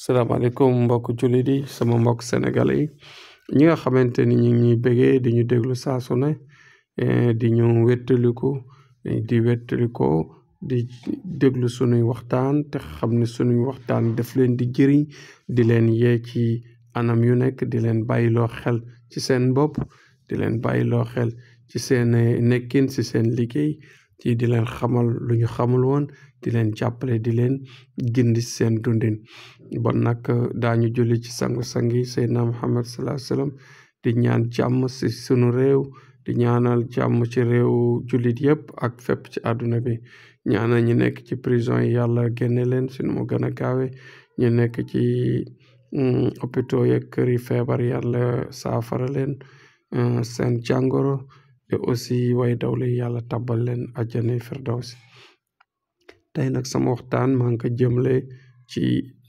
salaamaaleykum mbokk jullit yi sama mbokk sénégalais yi ñi nga xamante ni ñu ngi bëggee di ñu déglu saa su ne eh, di ñu wettaliku eh, di wettaliku di déglu sunuy waxtaan te xam ne sunuy waxtaan daf leen di jëriñ di leen yee ci anam yu nekk di leen bàyyiloo xel ci seen bopp di leen bàyyiloo xel ci seen eh, nekkin ci seen liggéey ci di leen xamal lu xamul woon di leen jàppale di leen gindi seen dundin bon nag daañu julli ci sangu-sang yi seydna muhammad salaa sallam di ñaan jàmm si sunu réew di ñaanal jàmm ci réew jullit yëpp ak fepp ci àdduna bi ñaanal ñu nekk ci prison yi yàlla génne leen si nu gën a gaawe ñu nekk ci opito mm, yeeg kër yi feebar yàlla saafara leen euh, seen jàngoro et aussi way dawli yàlla tabal leen àjjana firdawsi tey nag sama waxtaan maa ngi ko jëmle ci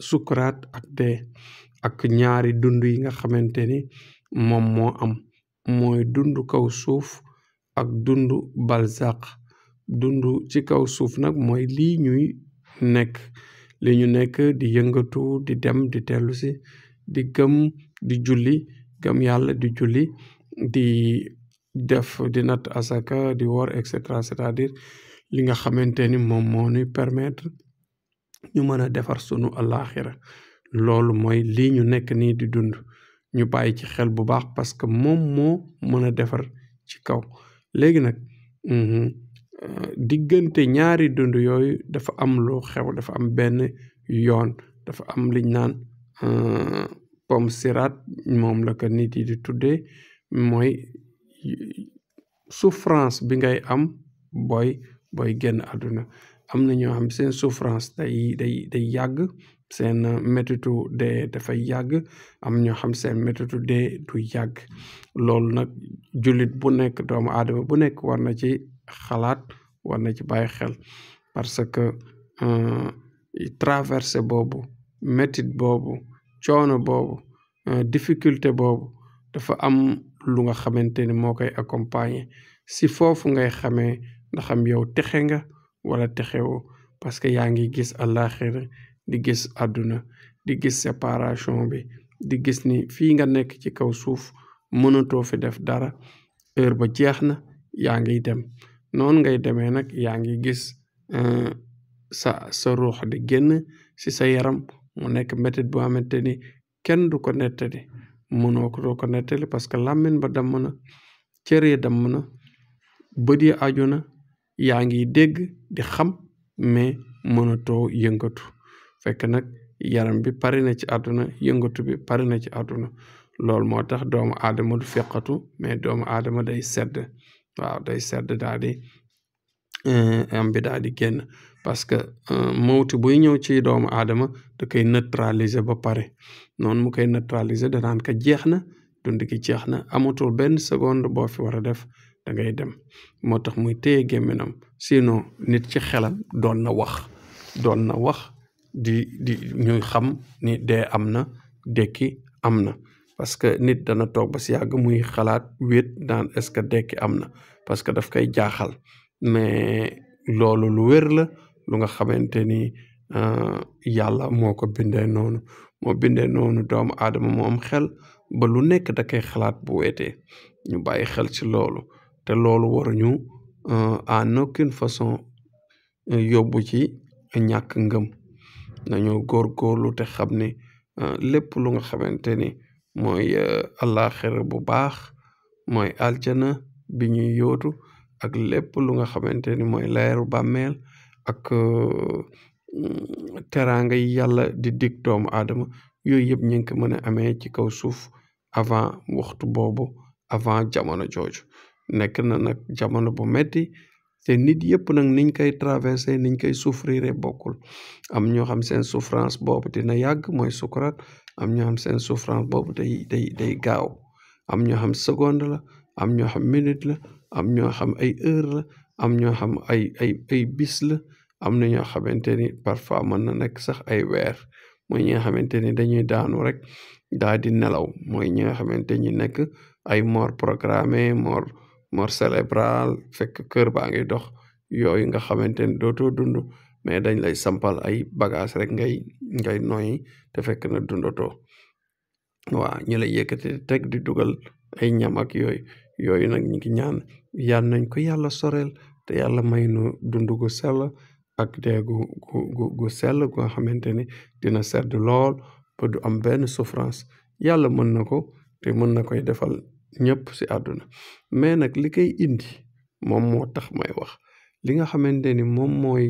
sukuraat ak ak ñaari dund yi nga xamante ni moom moo am mooy dund kaw suuf ak dund balzaq dundu ci kaw suuf nag mooy lii ñuy nekk li ñu nekk di yëngatu di dem di tellusi di gëm di julli gëm yàlla di julli di def di natt asaka di woor et cetera à dire li nga xamante ni moom moo nuy permettre ñu mën a defar sunu alaxira loolu mooy lii ñu nekk nii di dund ñu bàyyi ci xel bu baax parce que moom moo mën a defar ci kaw léegi nag mhm, euh, diggante ñaari dund yooyu dafa am lu xew dafa am benn yoon dafa am liñ naan euh, pom moom la ko nit yi di tuddee mooy souffrance bi ngay am booy booy génn àdduna am na ñoo xam seen souffrance day day day yàgg seen métitu dee dafay yàgg am ñoo xam seen métitu dee du yàgg loolu nag julit bu nekk doomu aadama bu nekk war na ci xalaat war na ci bàyyi xel parce que euh, traversé boobu métit boobu coono boobu euh, difficulté boobu dafa am lu nga xamante ni moo koy accompagner si foofu ngay xamee ndax am yow texe nga wala texewoo parce que yaa ngi gis àllaaxira di gis àdduna di gis séparation bi di gis ni fii nga nekk ci kaw suuf mënatoo fi def dara heure ba jeex na yaa ngi dem noonu ngay demee nag yaa ngi gis euh, sa sa ruux di génn si sa yaram mu nekk métit boo xamante ni kenn du ko nettali mënoo ko doo ko nettali parce que làmmiñ ba damm na cër yi damm na bët yi yaa ngi dégg di xam mais mënatoo yëngatu fekk nag yaram bi pare na ci àdduna yëngatu bi pare na ci àdduna loolu moo tax doomu aadama du feqatu mais doomu aadama day sedd waaw day sedd daal di eh, am bi daal di génn parce que eh, mawti buy ñëw ci doomu aadama da koy neutraliser ba pare noonu mu koy neutraliser danaan ka jeex na dund gi jeex na amatul benn seconde boo fi war a def da ngay dem moo tax muy téye gémminam sinon nit ci xelam doon na wax doon na wax di di ñuy xam ni dee am na dekki am na parce que nit dana toog ba si yàgg muy xalaat wéet naan est-ce que dekki am na parce que daf koy jaaxal mais loolu lu wér la lu nga xamante ni euh, yàlla moo ko bindee noonu moo bindee noonu doomu aadama moo am xel ba lu nekk da koy xalaat bu weetee ñu bàyyi xel ci loolu te loolu waruñu en euh, aucune façon euh, yóbbu ci ñàkk ngëm nañu góorgóorlu te xam ni euh, lépp lu nga xamante ni mooy àllaaxira bu baax mooy aljana bi ñuy yóotu ak lépp lu nga xamante ni mooy leeru bàmmeel ak mm, teraanga yi yàlla di dig doomu aadama yooyu yëpp ñu ngi ko mën a amee ci kaw suuf avant waxtu boobu avant jamono jooju nekk na nag jamono bo metti te nit yëpp nag niñ koy traversé niñ koy souffrir bokkul am ñoo xam seen souffrance boobu dina yàgg mooy sukuraat am ñoo xam seen souffrance boobu day day day gaaw am ñoo xam seconde la am ñoo xam minute la am ñoo xam ay heure la am ñoo xam ay ay ay la am na ñoo xamante ni parfois mën na nekk sax ay weer mooy ñi nga xamante ni dañuy daanu rek daal di nelaw mooy ñi nga xamante ñi nekk ay moor programmé mort mort cérébral fekk kër baa ngi dox yooyu nga xamante ni dootoo dund mais dañ lay sampal ay bagage rek ngay ngay noyyi te fekk na dundatoo waa ñu lay yëkkati teg di dugal ay ñam ak yooyu yooyu nag ñu ngi ñaan yal nañ ko yàlla soreel te yàlla may nu dund gu sell ak dee gu gu gu sell gu nga xamante ni dina sedd lool ba du am benn souffrance yàlla mën na ko te mën na koy defal ñëpp si àdduna mais nag li koy indi moom moo tax may wax li nga xamante ni moom mooy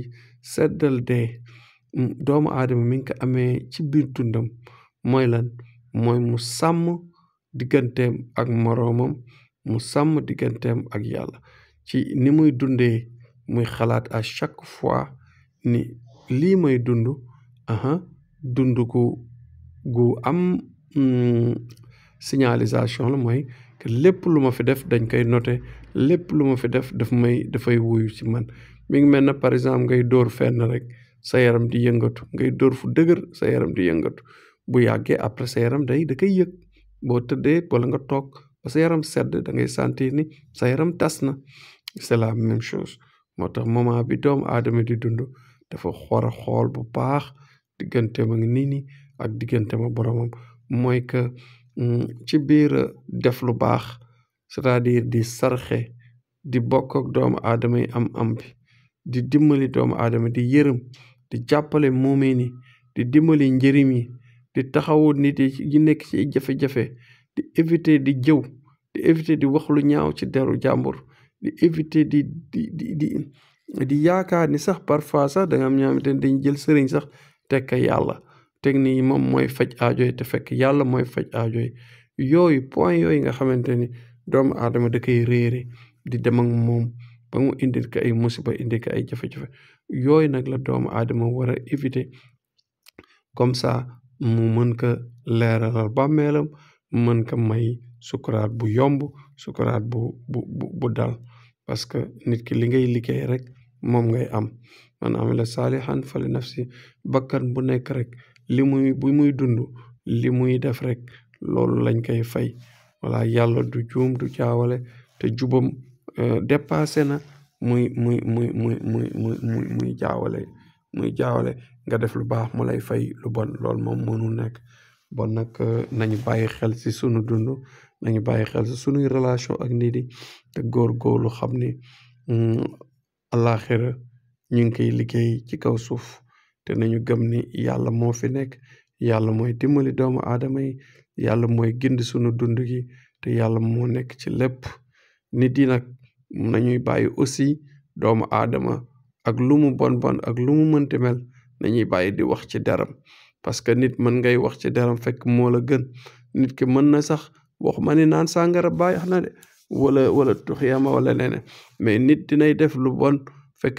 seddal dee mm, doomu aadama mi ngi ko amee ci biir dundam mooy mooy mu sàmm digganteem ak moroomam mu sàmm digganteem ak yàlla ci ni muy dundee muy xalaat a chaque fois ni lii may dund aha dund gu gu am mm, signalisation la mooy que lépp lu ma fi def dañ koy noter lépp lu ma fi def dafa may dafay wuyu si man mi ngi mel ne par exemple ngay dóor fenn rek sa yaram di yëngatu ngay dóor fu dëgër sa yaram di yëngatu bu yàggee après sa yaram day da koy yëg boo tëddee wala nga toog ba sa yaram sedd da ngay sentir ni sa yaram tas na c'est la même chose moo tax moment bi doomu aadama di dund dafa war a xool bu baax digganteem ak nit ñi ak digganteem ak boromam mooy que Mm, ci biir def lu baax cest à di sarxe di bokk ak doomu aadama yi am am di dimbali doomu aadama di yërëm di jàppale moomee ni di dimbali njërim yi di taxawu nit yi nekk ci jafe-jafe di éviter di jëw di éviter di wax lu ñaaw ci deru jàmbur di éviter di di di di yaakaar ni sax parfois sax da nga am ñoo dañ jël sëriñ sax teg ka yàlla technique yi moom mooy faj aajo yi te fekk yàlla mooy faj ajo yi yooyu point yooyu nga xamante ni doomu aadama da koy réere di dem ak moom ba mu indil ay musiba indil ko ay jafe-jafe yooyu nag la doomu aadama war a éviter comme ça mu mën ko leeralal bàmmeelam mën ko may sukuraat bu yomb sukuraat bu bu bu dal parce que nit ki li ngay liggéey rek moom ngay am man amila saalihan fali nafsi bakkan bu nekk rek li muy bu muy dund li muy def rek loolu lañ koy fay wala yàlla du juum du jaawale te jubam euh, dépassé na muy muy muy muy muy muy muy muy jaawale muy jaawale nga def lu baax mu lay fay lu bon lool moom mënul nekk bon nag euh, nañu bàyyi xel si sunu dund nañu bàyyi xel si sunuy relation ak nit yi te góor-góorlu xam ni hmm, àllaaxira ñu ngi koy liggéey ci kaw suuf te nañu gëm ni yàlla moo fi nekk yàlla mooy dimbali doomu aadama yi yàlla mooy gindi sunu dund gi te yàlla moo nekk ci lépp nit yi nag nañuy bàyyi aussi doomu aadama ak lu mu bon bon ak lu mu mënti mel nañuy bàyyi di wax ci daram parce que nit mën ngay wax ci deram fekk moo la gën nit ki mën na sax wax ma ni naan sàngara bàyyi na de wala wala tuxiyama wala leneen mais nit dinay def lu bon fekk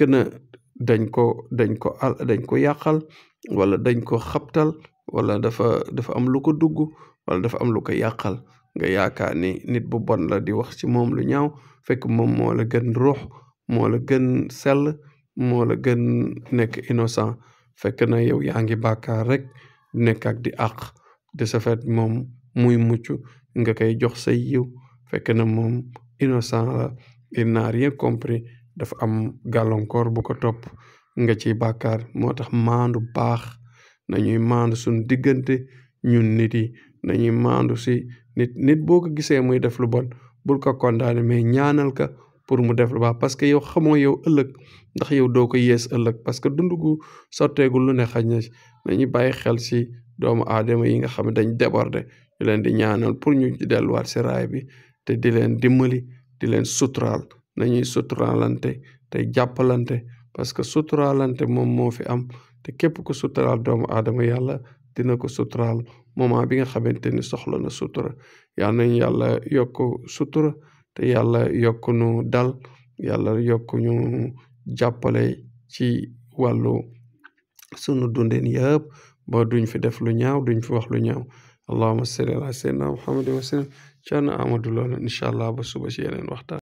dañ ko dañ ko al dañ ko yàqal wala dañ ko xaptal wala dafa dafa am lu ko dugg wala dafa am lu ko yàqal nga yaakaar ni nit bu bon la di wax ci moom lu ñaaw fekk moom moola gën ruux moo gën sell moo gën nekk innocent fekk na yow yaa ngi bàkkaar rek nekk ak di àq de ce fait moom muy mucc nga koy jox say yiw fekk na moom innocent la il n'a rien compris dafa am gàllankoor bu ko topp nga ci bàkkaar moo tax maandu baax nañuy maandu suñ diggante ñun nit yi nañuy maandu si nit nit boo ko gisee muy def lu bon bul ko condamné mais ñaanal ka pour mu def lu baax parce que yow xamoo yow ëllëg ndax yow doo ko yees ëllëg parce que dund gu sotteegul lu ne xaj na nañu bàyyi xel si doomu aadama yi nga xam ne dañ déborde ñu leen di ñaanal pour ñu delluwaat si raay bi te di leen dimbali di leen suturaal nañuy suturaalante tey jàppalante parce que suturaalante moom moo fi am te képp ku suturaal doomu aadama yàlla dina ko suturaal moment bi nga xamante ni soxla na sutura yal nañ yàlla yokk sutura te yàlla yokk nu dal yàlla yokk ñu jàppale ci wàllu sunu dunden yëpp ba duñ fi def lu ñaaw duñ fi wax lu ñaaw allahuma salli ala sayyidina muhammadin wa sallam caana amadu loolu incha allah ba suba ci yeneen waxtaan